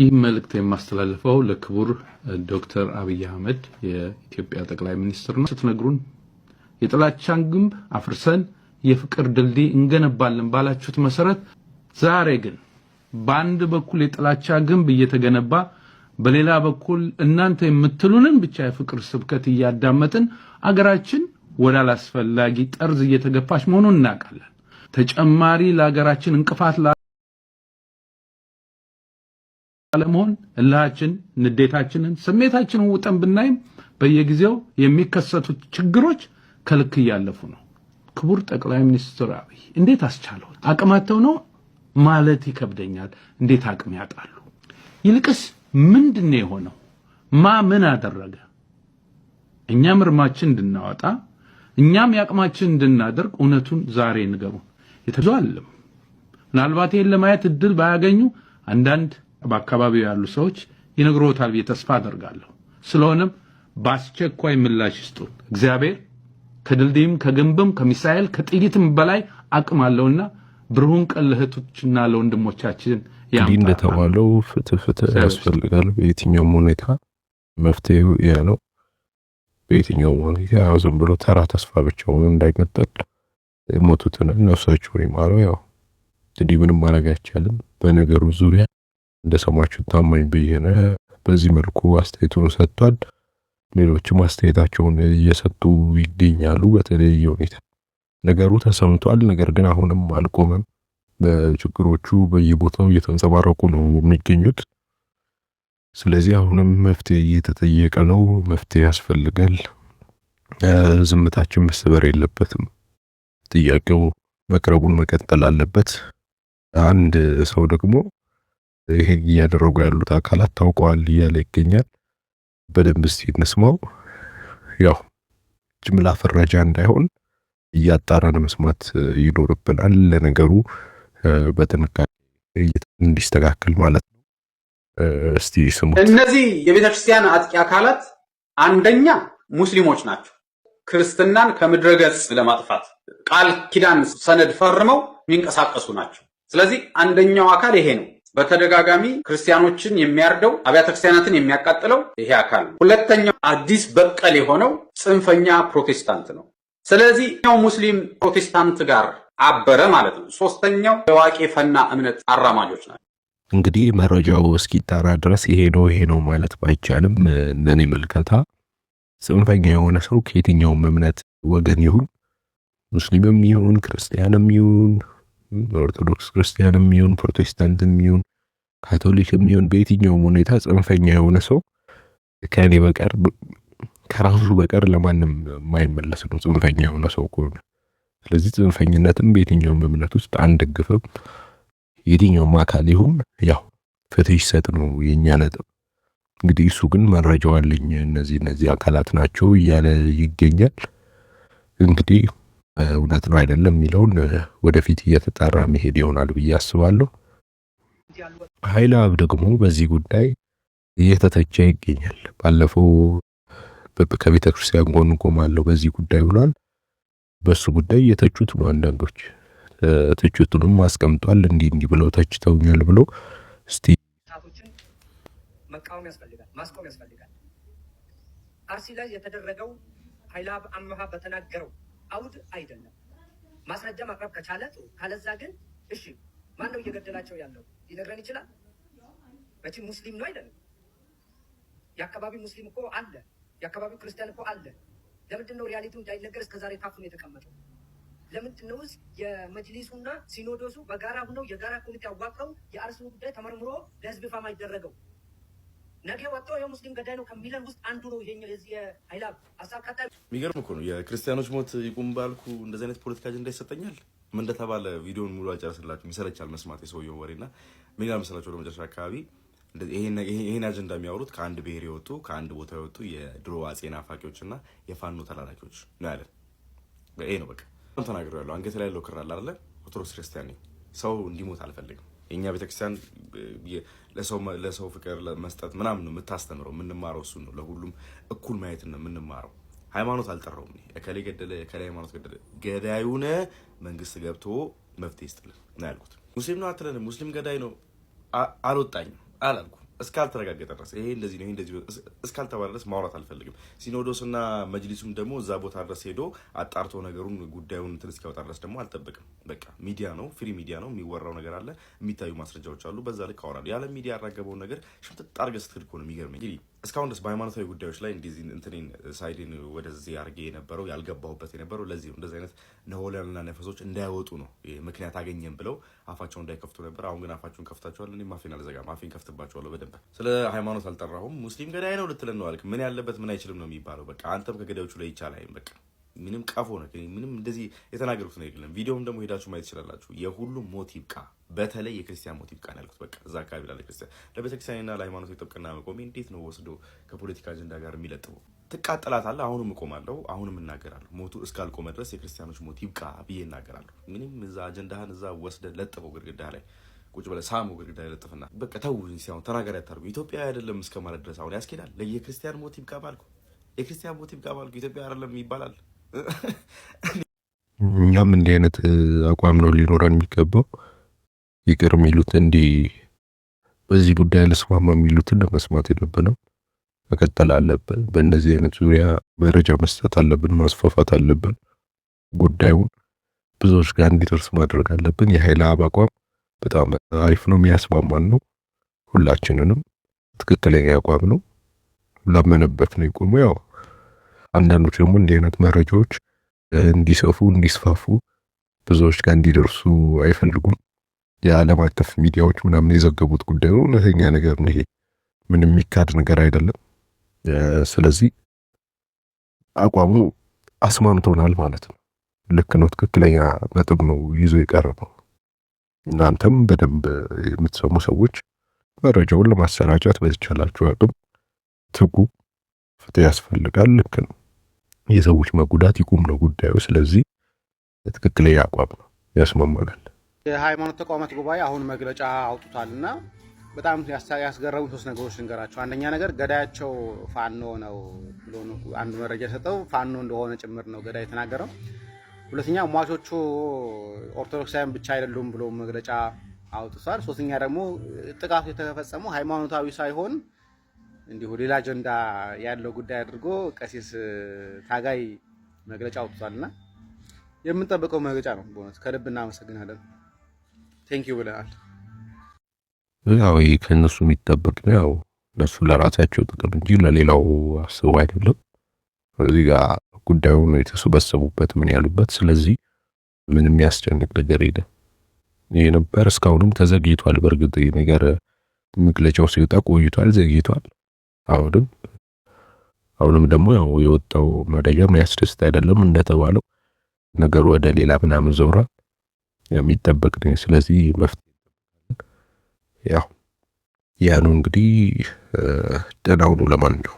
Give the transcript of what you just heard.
ይህ መልእክት የማስተላልፈው ለክቡር ዶክተር አብይ አህመድ የኢትዮጵያ ጠቅላይ ሚኒስትር ነው። ስትነግሩን የጥላቻን ግንብ አፍርሰን የፍቅር ድልድይ እንገነባለን ባላችሁት መሰረት ዛሬ ግን በአንድ በኩል የጥላቻ ግንብ እየተገነባ በሌላ በኩል እናንተ የምትሉንን ብቻ የፍቅር ስብከት እያዳመጥን አገራችን ወደ አላስፈላጊ ጠርዝ እየተገፋች መሆኑን እናውቃለን። ተጨማሪ ለሀገራችን እንቅፋት አለመሆን እልሃችን፣ ንዴታችንን፣ ስሜታችንን ውጠን ብናይም በየጊዜው የሚከሰቱት ችግሮች ከልክ እያለፉ ነው። ክቡር ጠቅላይ ሚኒስትር አብይ እንዴት አስቻለው? አቅማተው ነው ማለት ይከብደኛል። እንዴት አቅም ያጣሉ? ይልቅስ ምንድን ነው የሆነው? ማ ምን አደረገ? እኛም እርማችን እንድናወጣ እኛም የአቅማችን እንድናደርግ እውነቱን ዛሬ ንገሩን። የተዟልም ምናልባት ይህን ለማየት እድል ባያገኙ አንዳንድ በአካባቢው ያሉ ሰዎች ይነግሮታል ብዬ ተስፋ አደርጋለሁ። ስለሆነም በአስቸኳይ ምላሽ ይስጡን። እግዚአብሔር ከድልድይም ከግንብም ከሚሳኤል ከጥይትም በላይ አቅም አለውና ብሩህን ቀን ለእህቶችና ለወንድሞቻችን እንዲህ እንደተባለው ፍትህ ፍትህ ያስፈልጋል። በየትኛውም ሁኔታ መፍትሄው ያ ነው። በየትኛውም ሁኔታ ያው ዝም ብሎ ተራ ተስፋ ብቻውን እንዳይቀጥል የሞቱትን ነፍሳቸውን ይማረው። ያው እንግዲህ ምንም ማድረግ አይቻልም በነገሩ ዙሪያ እንደሰማችሁ ታማኝ በየነ በዚህ መልኩ አስተያየቱን ሰጥቷል። ሌሎችም አስተያየታቸውን እየሰጡ ይገኛሉ። በተለየ ሁኔታ ነገሩ ተሰምቷል። ነገር ግን አሁንም አልቆመም። በችግሮቹ በየቦታው እየተንጸባረቁ ነው የሚገኙት። ስለዚህ አሁንም መፍትሄ እየተጠየቀ ነው። መፍትሄ ያስፈልጋል። ዝምታችን መስበር የለበትም። ጥያቄው መቅረቡን መቀጠል አለበት። አንድ ሰው ደግሞ ይህን እያደረጉ ያሉት አካላት ታውቀዋል እያለ ይገኛል። በደንብ እስቲ እንስማው። ያው ጅምላ ፍረጃ እንዳይሆን እያጣራን መስማት ይኖርብናል። ለነገሩ በጥንቃቄ እንዲስተካከል ማለት ነው። እስቲ ስሙ። እነዚህ የቤተክርስቲያን አጥቂ አካላት አንደኛ ሙስሊሞች ናቸው። ክርስትናን ከምድረ ገጽ ለማጥፋት ቃል ኪዳን ሰነድ ፈርመው የሚንቀሳቀሱ ናቸው። ስለዚህ አንደኛው አካል ይሄ ነው። በተደጋጋሚ ክርስቲያኖችን የሚያርደው አብያተ ክርስቲያናትን የሚያቃጥለው ይሄ አካል ነው። ሁለተኛው አዲስ በቀል የሆነው ጽንፈኛ ፕሮቴስታንት ነው። ስለዚህ ኛው ሙስሊም ፕሮቴስታንት ጋር አበረ ማለት ነው። ሶስተኛው የዋቄ ፈና እምነት አራማጆች ናቸው። እንግዲህ መረጃው እስኪጣራ ድረስ ይሄ ነው ይሄ ነው ማለት ባይቻልም እንደኔ ምልከታ ጽንፈኛ የሆነ ሰው ከየትኛውም እምነት ወገን ይሁን ሙስሊምም ይሁን ክርስቲያንም ይሁን ኦርቶዶክስ ክርስቲያንም ይሁን ፕሮቴስታንትም ይሁን ካቶሊክም ይሁን በየትኛውም ሁኔታ ጽንፈኛ የሆነ ሰው ከእኔ በቀር ከራሱ በቀር ለማንም የማይመለስ ነው ጽንፈኛ የሆነ ሰው ከሆነ። ስለዚህ ጽንፈኝነትም በየትኛውም እምነት ውስጥ አንደግፍም። የትኛውም አካል ይሁን ያው ፍትህ ይሰጥ ነው የእኛ ነጥብ። እንግዲህ እሱ ግን መረጃው አለኝ እነዚህ እነዚህ አካላት ናቸው እያለ ይገኛል እንግዲህ እውነት ነው አይደለም የሚለውን ወደፊት እየተጣራ መሄድ ይሆናል ብዬ አስባለሁ። አብ ደግሞ በዚህ ጉዳይ እየተተቸ ይገኛል። ባለፈው ከቤተ ክርስቲያን ጎን ቆማለሁ በዚህ ጉዳይ ብሏል። በሱ ጉዳይ እየተቹት ነው አንዳንዶች። ትችቱንም አስቀምጧል። እንዲህ እንዲህ ብለው ተችተውኛል ብሎ እስቲ መቃወም ያስፈልጋል፣ ማስቆም ያስፈልጋል። አርሲ ላይ የተደረገው ኃይለአብ አምሃ በተናገረው አውድ አይደለም። ማስረጃ ማቅረብ ከቻለ ጥሩ፣ ካለዛ ግን እሺ፣ ማን ነው እየገደላቸው ያለው ሊነግረን ይችላል? መቼም ሙስሊም ነው አይደለም። የአካባቢው ሙስሊም እኮ አለ፣ የአካባቢው ክርስቲያን እኮ አለ። ለምንድን ነው ሪያሊቲ እንዳይነገር እስከዛሬ ታፍኖ የተቀመጠው? ለምንድን ነው የመጅሊሱና ሲኖዶሱ በጋራ ሁነው የጋራ ኮሚቴ አዋቅረው የአርሲው ጉዳይ ተመርምሮ ለህዝብ ይፋ አይደረገው? ነገ ወጥቶ የሙስሊም ገዳይ ነው ከሚለን ውስጥ አንዱ ነው። ይሄ የዚህ ሀይላብ ሀሳብ ካታ የሚገርም እኮ ነው። የክርስቲያኖች ሞት ይቁም ባልኩ እንደዚህ አይነት ፖለቲካ አጀንዳ ይሰጠኛል። ምን እንደተባለ ቪዲዮን ሙሉ አልጨረስላችሁም። ይሰለቻል መስማት የሰውየው ወሬና ሚጋ መስላቸው ለመጨረሻ አካባቢ ይህን አጀንዳ የሚያወሩት ከአንድ ብሔር የወጡ ከአንድ ቦታ የወጡ የድሮ አፄ ናፋቂዎች እና የፋኖ ተላላኪዎች ነው ያለን። ይሄ ነው በቃ ተናግረው ያለው አንገት ላይ ያለው ክራል አለ። ኦርቶዶክስ ክርስቲያን ነኝ፣ ሰው እንዲሞት አልፈልግም የእኛ ቤተክርስቲያን ለሰው ፍቅር መስጠት ምናምን ነው የምታስተምረው። የምንማረው እሱ ነው። ለሁሉም እኩል ማየት ነው የምንማረው። ሃይማኖት አልጠራውም። እከሌ ገደለ፣ እከሌ ሃይማኖት ገደለ፣ ገዳዩን መንግስት ገብቶ መፍትሄ ይስጥልን ነው ያልኩት። ሙስሊም ነው አትለን፣ ሙስሊም ገዳይ ነው አልወጣኝም አላልኩም። እስካልተረጋገጠ ድረስ ይሄ እንደዚህ ነው እንደዚህ እስካልተባለ ድረስ ማውራት አልፈልግም። ሲኖዶስና መጅሊሱም ደግሞ እዛ ቦታ ድረስ ሄዶ አጣርቶ ነገሩን ጉዳዩን እንትን እስኪያወጣ ድረስ ደግሞ አልጠብቅም። በቃ ሚዲያ ነው፣ ፍሪ ሚዲያ ነው። የሚወራው ነገር አለ፣ የሚታዩ ማስረጃዎች አሉ። በዛ ልክ አወራለሁ። ያለ ሚዲያ ያራገበውን ነገር ሽምጥጥ አድርገህ ስትሄድ እኮ ነው የሚገርመኝ። እስካሁን ድረስ በሃይማኖታዊ ጉዳዮች ላይ እንደዚህ እንትኔን ሳይድን ወደዚህ አድርጌ የነበረው ያልገባሁበት የነበረው ለዚህ ነው። እንደዚህ አይነት ነሆለንና ነፈሶች እንዳይወጡ ነው ምክንያት አገኘን ብለው አፋቸውን እንዳይከፍቱ ነበር። አሁን ግን አፋቸውን ከፍታቸዋል። እኔ ማፌን አልዘጋ ማፌን ከፍትባቸዋለሁ በደንብ። ስለ ሃይማኖት አልጠራሁም። ሙስሊም ገዳይ ነው ልትለን ነው አልክ። ምን ያለበት ምን አይችልም ነው የሚባለው። በቃ አንተም ከገዳዮቹ ላይ ይቻላል በቃ ምንም ቀፎ ነው ምንም እንደዚህ የተናገርኩት ነው የለም። ቪዲዮም ደግሞ ሄዳችሁ ማየት ይችላላችሁ። የሁሉም ሞት ይብቃ፣ በተለይ የክርስቲያን ሞት ይብቃ ያልኩት በቃ እዛ አካባቢ ላለ ክርስቲያን ለቤተክርስቲያንና ለሃይማኖት የጥብቅና መቆሜ እንዴት ነው ወስዶ ከፖለቲካ አጀንዳ ጋር የሚለጥቡ ትቃጠላታለ። አሁንም እቆማለሁ፣ አሁንም እናገራለሁ። ሞቱ እስካልቆመ ድረስ የክርስቲያኖች ሞት ይብቃ ብዬ እናገራለሁ። ምንም እዛ አጀንዳህን እዛ ወስደ ለጥፈው ግድግዳ ላይ ቁጭ ብለህ ሳሙ ግድግዳ ላይ ለጥፍና በቃ ተው ሲሆን ተናገር አታርጉ። ኢትዮጵያ አይደለም እስከማለት ድረስ አሁን ያስኬዳል። ለየክርስቲያን ሞት ይብቃ ባልኩ የክርስቲያን ሞት ይብቃ ባልኩ ኢትዮጵያ አይደለም ይባላል። እኛም እንዲህ አይነት አቋም ነው ሊኖረን የሚገባው። ይቅር የሚሉት እንዲህ በዚህ ጉዳይ አልስማማ የሚሉትን ለመስማት የለብንም፣ መቀጠል አለብን። በእነዚህ አይነት ዙሪያ መረጃ መስጠት አለብን፣ ማስፋፋት አለብን። ጉዳዩን ብዙዎች ጋር እንዲደርስ ማድረግ አለብን። የኃይል አብ አቋም በጣም አሪፍ ነው፣ የሚያስማማን ነው። ሁላችንንም ትክክለኛ አቋም ነው። ላመነበት ነው ይቆሙ ያው አንዳንዶች ደግሞ እንዲህ አይነት መረጃዎች እንዲሰፉ እንዲስፋፉ ብዙዎች ጋር እንዲደርሱ አይፈልጉም። የዓለም አቀፍ ሚዲያዎች ምናምን የዘገቡት ጉዳዩ እውነተኛ ነገር ነው። ይሄ ምን የሚካድ ነገር አይደለም። ስለዚህ አቋሙ አስማምቶናል ማለት ነው። ልክ ነው። ትክክለኛ ነጥብ ነው ይዞ የቀረበው። እናንተም በደንብ የምትሰሙ ሰዎች መረጃውን ለማሰራጨት በተቻላችሁ አቅም ትጉ። ፍትህ ያስፈልጋል። ልክ ነው። የሰዎች መጉዳት ይቁም ነው ጉዳዩ። ስለዚህ ትክክለኛ አቋም ነው ያስማማናል። የሃይማኖት ተቋማት ጉባኤ አሁን መግለጫ አውጥቷል እና በጣም ያስገረሙ ሶስት ነገሮች ልንገራቸው። አንደኛ ነገር ገዳያቸው ፋኖ ነው ብሎ መረጃ የሰጠው ፋኖ እንደሆነ ጭምር ነው ገዳይ የተናገረው። ሁለተኛ ሟቾቹ ኦርቶዶክሳውያን ብቻ አይደሉም ብሎ መግለጫ አውጥቷል። ሶስተኛ ደግሞ ጥቃቱ የተፈጸመው ሃይማኖታዊ ሳይሆን እንዲሁ ሌላ አጀንዳ ያለው ጉዳይ አድርጎ ቀሲስ ታጋይ መግለጫ እና የምንጠብቀው መግለጫ ነው። በእውነት ከልብ እናመሰግናለን። ቴንኪዩ ብለናል። ያው ይህ ከእነሱ የሚጠበቅ ነው። ያው እነሱ ለራሳቸው ጥቅም እንጂ ለሌላው አስቡ አይደለም። እዚህ ጋር ጉዳዩን የተሰበሰቡበት ምን ያሉበት፣ ስለዚህ ምን የሚያስጨንቅ ነገር የለም። ይህ ነበር። እስካሁንም ተዘግይቷል። በእርግጥ ነገር መግለጫው ሲወጣ ቆይቷል፣ ዘግይቷል። አሁንም አሁንም ደግሞ ያው የወጣው መረጃ የሚያስደስት አይደለም። እንደተባለው ነገሩ ወደ ሌላ ምናምን ዞራ የሚጠበቅ ነው። ስለዚህ መፍትሄ ያው ያኑ እንግዲህ ደህና ሁኑ ለማን ነው